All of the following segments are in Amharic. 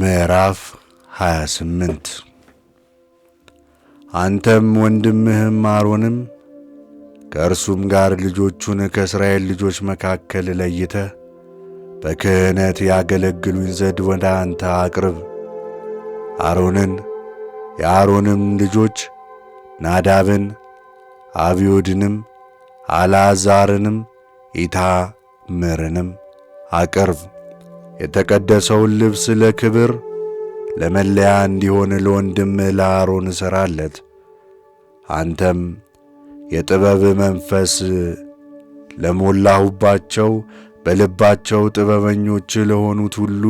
ምዕራፍ 28 አንተም ወንድምህም አሮንም ከእርሱም ጋር ልጆቹን ከእስራኤል ልጆች መካከል ለይተ በክህነት ያገለግሉኝ ዘድ ወደ አንተ አቅርብ። አሮንን የአሮንም ልጆች ናዳብን፣ አብዮድንም፣ አልዓዛርንም፣ ኢታምርንም አቅርብ። የተቀደሰውን ልብስ ለክብር ለመለያ እንዲሆን ለወንድም ለአሮን እሠራለት። አንተም የጥበብ መንፈስ ለሞላሁባቸው በልባቸው ጥበበኞች ለሆኑት ሁሉ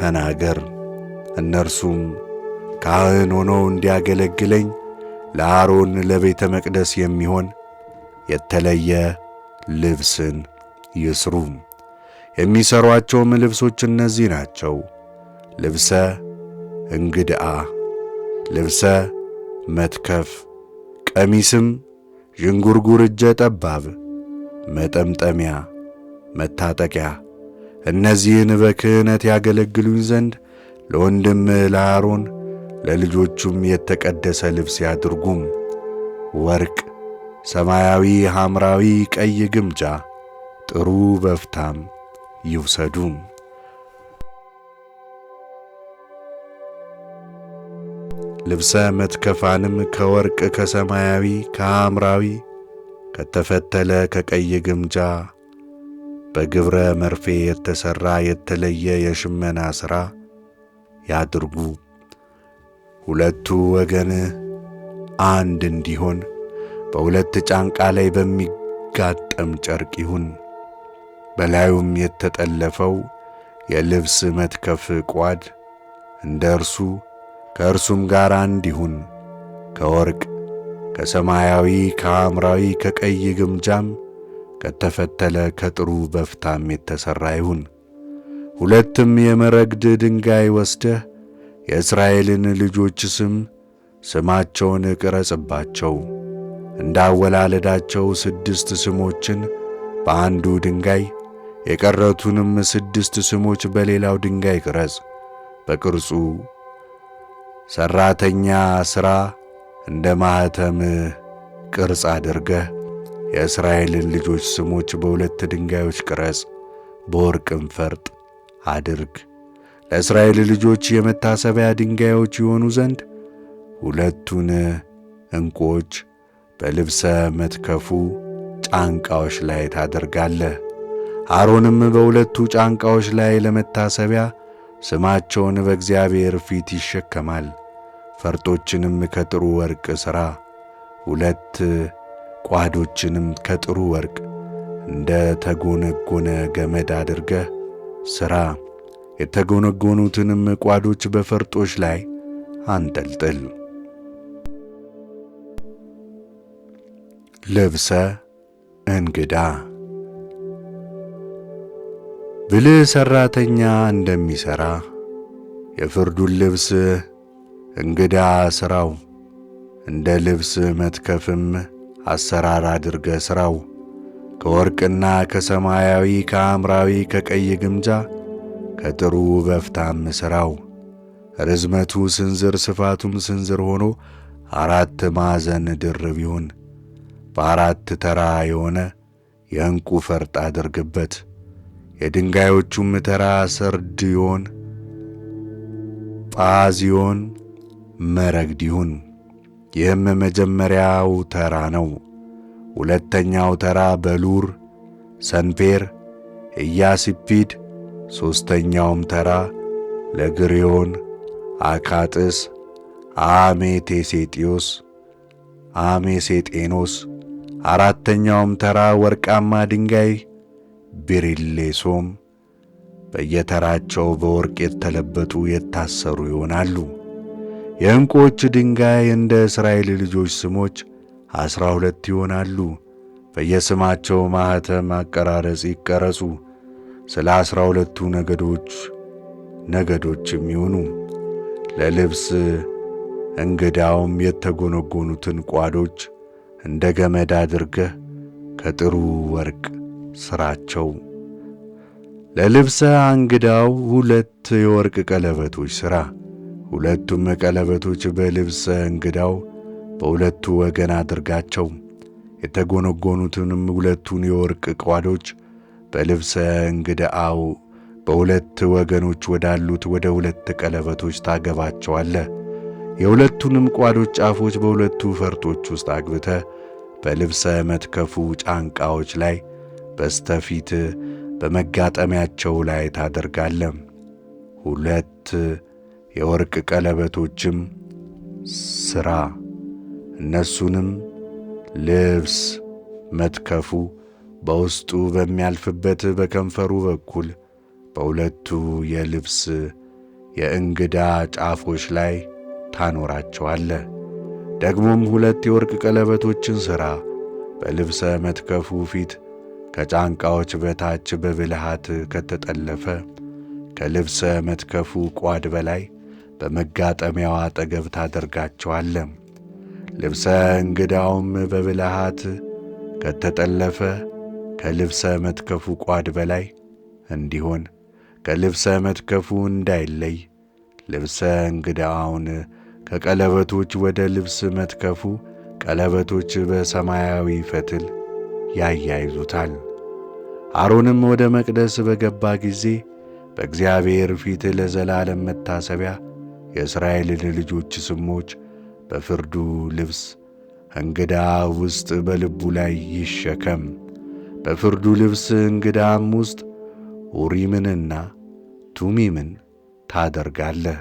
ተናገር። እነርሱም ካህን ሆኖ እንዲያገለግለኝ ለአሮን ለቤተ መቅደስ የሚሆን የተለየ ልብስን ይስሩም። የሚሠሯቸውም ልብሶች እነዚህ ናቸው። ልብሰ እንግድአ፣ ልብሰ መትከፍ፣ ቀሚስም ዥንጉርጉር እጀ ጠባብ፣ መጠምጠሚያ፣ መታጠቂያ። እነዚህን በክህነት ያገለግሉኝ ዘንድ ለወንድምህ ለአሮን ለልጆቹም የተቀደሰ ልብስ ያድርጉም። ወርቅ፣ ሰማያዊ፣ ሐምራዊ፣ ቀይ ግምጃ፣ ጥሩ በፍታም ይውሰዱ። ልብሰ መትከፋንም ከወርቅ ከሰማያዊ ከሐምራዊ ከተፈተለ ከቀይ ግምጃ በግብረ መርፌ የተሠራ የተለየ የሽመና ሥራ ያድርጉ። ሁለቱ ወገን አንድ እንዲሆን በሁለት ጫንቃ ላይ በሚጋጠም ጨርቅ ይሁን። በላዩም የተጠለፈው የልብስ መትከፍ ቋድ እንደ እርሱ ከእርሱም ጋር አንድ ይሁን። ከወርቅ ከሰማያዊ ከሐምራዊ ከቀይ ግምጃም ከተፈተለ ከጥሩ በፍታም የተሠራ ይሁን። ሁለትም የመረግድ ድንጋይ ወስደህ የእስራኤልን ልጆች ስም ስማቸውን ቅረጽባቸው። እንዳወላለዳቸው ስድስት ስሞችን በአንዱ ድንጋይ የቀረቱንም ስድስት ስሞች በሌላው ድንጋይ ቅረጽ። በቅርጹ ሠራተኛ ሥራ እንደ ማኅተም ቅርጽ አድርገህ የእስራኤልን ልጆች ስሞች በሁለት ድንጋዮች ቅረጽ፣ በወርቅም ፈርጥ አድርግ። ለእስራኤል ልጆች የመታሰቢያ ድንጋዮች የሆኑ ዘንድ ሁለቱን ዕንቁዎች በልብሰ መትከፉ ጫንቃዎች ላይ ታደርጋለህ። አሮንም በሁለቱ ጫንቃዎች ላይ ለመታሰቢያ ስማቸውን በእግዚአብሔር ፊት ይሸከማል። ፈርጦችንም ከጥሩ ወርቅ ሥራ፣ ሁለት ቋዶችንም ከጥሩ ወርቅ እንደ ተጎነጎነ ገመድ አድርገህ ሥራ። የተጎነጎኑትንም ቋዶች በፈርጦች ላይ አንጠልጥል። ልብሰ እንግዳ ብልህ ሠራተኛ እንደሚሠራ የፍርዱን ልብስ እንግዳ ሥራው እንደ ልብስ መትከፍም አሰራር አድርገ ሥራው ከወርቅና ከሰማያዊ ከሐምራዊ ከቀይ ግምጃ ከጥሩ በፍታም ሥራው ርዝመቱ ስንዝር ስፋቱም ስንዝር ሆኖ አራት ማዕዘን ድርብ ይሁን። በአራት ተራ የሆነ የእንቁ ፈርጥ አድርግበት። የድንጋዮቹም ተራ ሰርድዮን፣ ጳዚዮን፣ መረግዲሁን ይህም መጀመሪያው ተራ ነው። ሁለተኛው ተራ በሉር፣ ሰንፔር፣ ኢያሲፒድ ሦስተኛውም ተራ ለግሪዮን፣ አካጥስ፣ አሜቴሴጢዮስ አሜሴጤኖስ። አራተኛውም ተራ ወርቃማ ድንጋይ ሶም በየተራቸው በወርቅ የተለበጡ የታሰሩ ይሆናሉ። የዕንቁዎች ድንጋይ እንደ እስራኤል ልጆች ስሞች ዐሥራ ሁለት ይሆናሉ። በየስማቸው ማኅተም አቀራረጽ ይቀረጹ። ስለ ዐሥራ ሁለቱ ነገዶች ነገዶችም ይሁኑ ለልብስ እንግዳውም የተጎነጎኑትን ቋዶች እንደ ገመድ አድርገህ ከጥሩ ወርቅ ሥራቸው ለልብሰ እንግዳው ሁለት የወርቅ ቀለበቶች ሥራ። ሁለቱም ቀለበቶች በልብሰ እንግዳው በሁለቱ ወገን አድርጋቸው። የተጎነጎኑትንም ሁለቱን የወርቅ ቋዶች በልብሰ እንግዳው በሁለት ወገኖች ወዳሉት ወደ ሁለት ቀለበቶች ታገባቸዋለ። የሁለቱንም ቋዶች ጫፎች በሁለቱ ፈርጦች ውስጥ አግብተ በልብሰ መትከፉ ጫንቃዎች ላይ በስተፊት በመጋጠሚያቸው ላይ ታደርጋለ። ሁለት የወርቅ ቀለበቶችም ሥራ እነሱንም ልብስ መትከፉ በውስጡ በሚያልፍበት በከንፈሩ በኩል በሁለቱ የልብስ የእንግዳ ጫፎች ላይ ታኖራቸዋለ። ደግሞም ሁለት የወርቅ ቀለበቶችን ሥራ በልብሰ መትከፉ ፊት ከጫንቃዎች በታች በብልሃት ከተጠለፈ ከልብሰ መትከፉ ቋድ በላይ በመጋጠሚያው አጠገብ ታደርጋቸዋለ። ልብሰ እንግዳውም በብልሃት ከተጠለፈ ከልብሰ መትከፉ ቋድ በላይ እንዲሆን ከልብሰ መትከፉ እንዳይለይ ልብሰ እንግዳውን ከቀለበቶች ወደ ልብስ መትከፉ ቀለበቶች በሰማያዊ ፈትል ያያይዙታል። አሮንም ወደ መቅደስ በገባ ጊዜ በእግዚአብሔር ፊት ለዘላለም መታሰቢያ የእስራኤልን ልጆች ስሞች በፍርዱ ልብስ እንግዳ ውስጥ በልቡ ላይ ይሸከም። በፍርዱ ልብስ እንግዳም ውስጥ ኡሪምንና ቱሚምን ታደርጋለህ።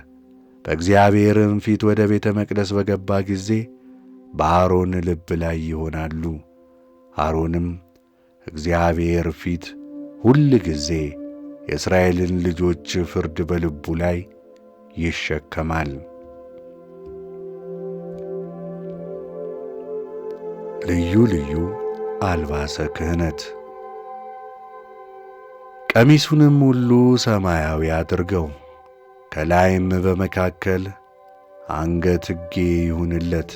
በእግዚአብሔርም ፊት ወደ ቤተ መቅደስ በገባ ጊዜ በአሮን ልብ ላይ ይሆናሉ። አሮንም እግዚአብሔር ፊት ሁል ጊዜ የእስራኤልን ልጆች ፍርድ በልቡ ላይ ይሸከማል። ልዩ ልዩ አልባሰ ክህነት ቀሚሱንም ሁሉ ሰማያዊ አድርገው ከላይም በመካከል አንገትጌ ይሁንለት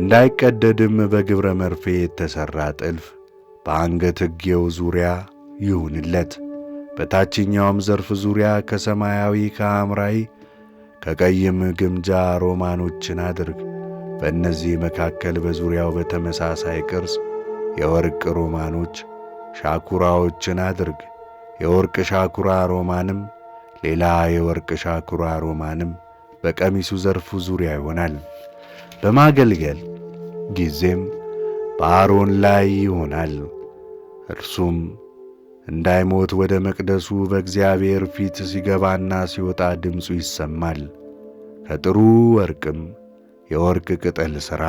እንዳይቀደድም በግብረ መርፌ የተሠራ ጥልፍ በአንገትጌው ዙሪያ ይሁንለት። በታችኛውም ዘርፍ ዙሪያ ከሰማያዊ ከሐምራዊ ከቀይም ግምጃ ሮማኖችን አድርግ። በእነዚህ መካከል በዙሪያው በተመሳሳይ ቅርጽ የወርቅ ሮማኖች ሻኩራዎችን አድርግ። የወርቅ ሻኩራ ሮማንም ሌላ የወርቅ ሻኩራ ሮማንም በቀሚሱ ዘርፍ ዙሪያ ይሆናል። በማገልገል ጊዜም በአሮን ላይ ይሆናል። እርሱም እንዳይሞት ወደ መቅደሱ በእግዚአብሔር ፊት ሲገባና ሲወጣ ድምፁ ይሰማል። ከጥሩ ወርቅም የወርቅ ቅጠል ሥራ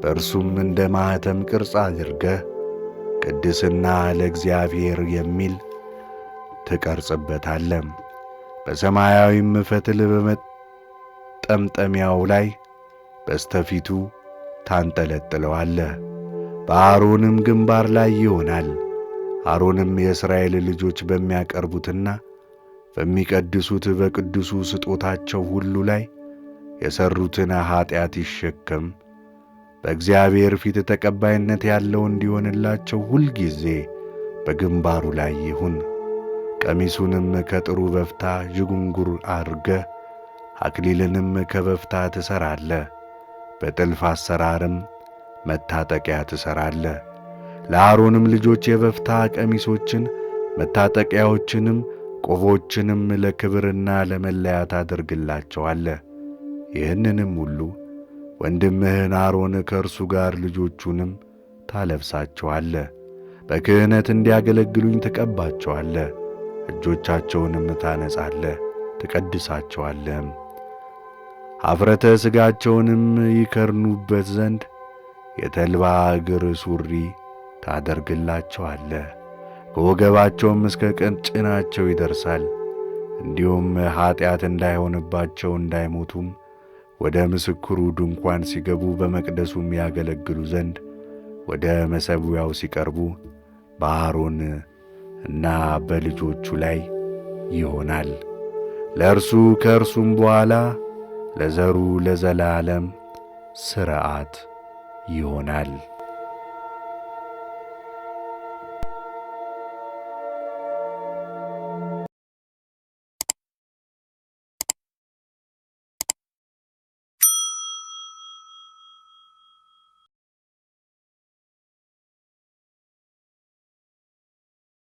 በእርሱም እንደ ማኅተም ቅርጽ አድርገህ ቅድስና ለእግዚአብሔር የሚል ትቀርጽበታለም። በሰማያዊም ፈትል በመጠምጠሚያው ላይ በስተፊቱ ታንጠለጥለዋለ። በአሮንም ግንባር ላይ ይሆናል። አሮንም የእስራኤል ልጆች በሚያቀርቡትና በሚቀድሱት በቅዱሱ ስጦታቸው ሁሉ ላይ የሠሩትን ኀጢአት ይሸከም በእግዚአብሔር ፊት ተቀባይነት ያለው እንዲሆንላቸው ሁልጊዜ በግንባሩ ላይ ይሁን። ቀሚሱንም ከጥሩ በፍታ ዥጉንጉር አድርገህ አክሊልንም ከበፍታ ትሠራለህ። በጥልፍ አሰራርም መታጠቂያ ትሠራለህ። ለአሮንም ልጆች የበፍታ ቀሚሶችን መታጠቂያዎችንም ቆቦችንም ለክብርና ለመለያ አድርግላቸዋለህ። ይህንንም ሁሉ ወንድምህን አሮን ከእርሱ ጋር ልጆቹንም ታለብሳቸዋለ። በክህነት እንዲያገለግሉኝ ትቀባቸዋለህ። እጆቻቸውንም ታነጻለ፣ ትቀድሳቸዋለም። አፍረተ ሥጋቸውንም ይከርኑበት ዘንድ የተልባ እግር ሱሪ ታደርግላቸዋለህ። ከወገባቸውም እስከ ቀጭናቸው ይደርሳል። እንዲሁም ኀጢአት እንዳይሆንባቸው እንዳይሞቱም ወደ ምስክሩ ድንኳን ሲገቡ በመቅደሱም ያገለግሉ ዘንድ ወደ መሠዊያው ሲቀርቡ በአሮን እና በልጆቹ ላይ ይሆናል። ለእርሱ ከእርሱም በኋላ ለዘሩ ለዘላለም ሥርዓት ይሆናል።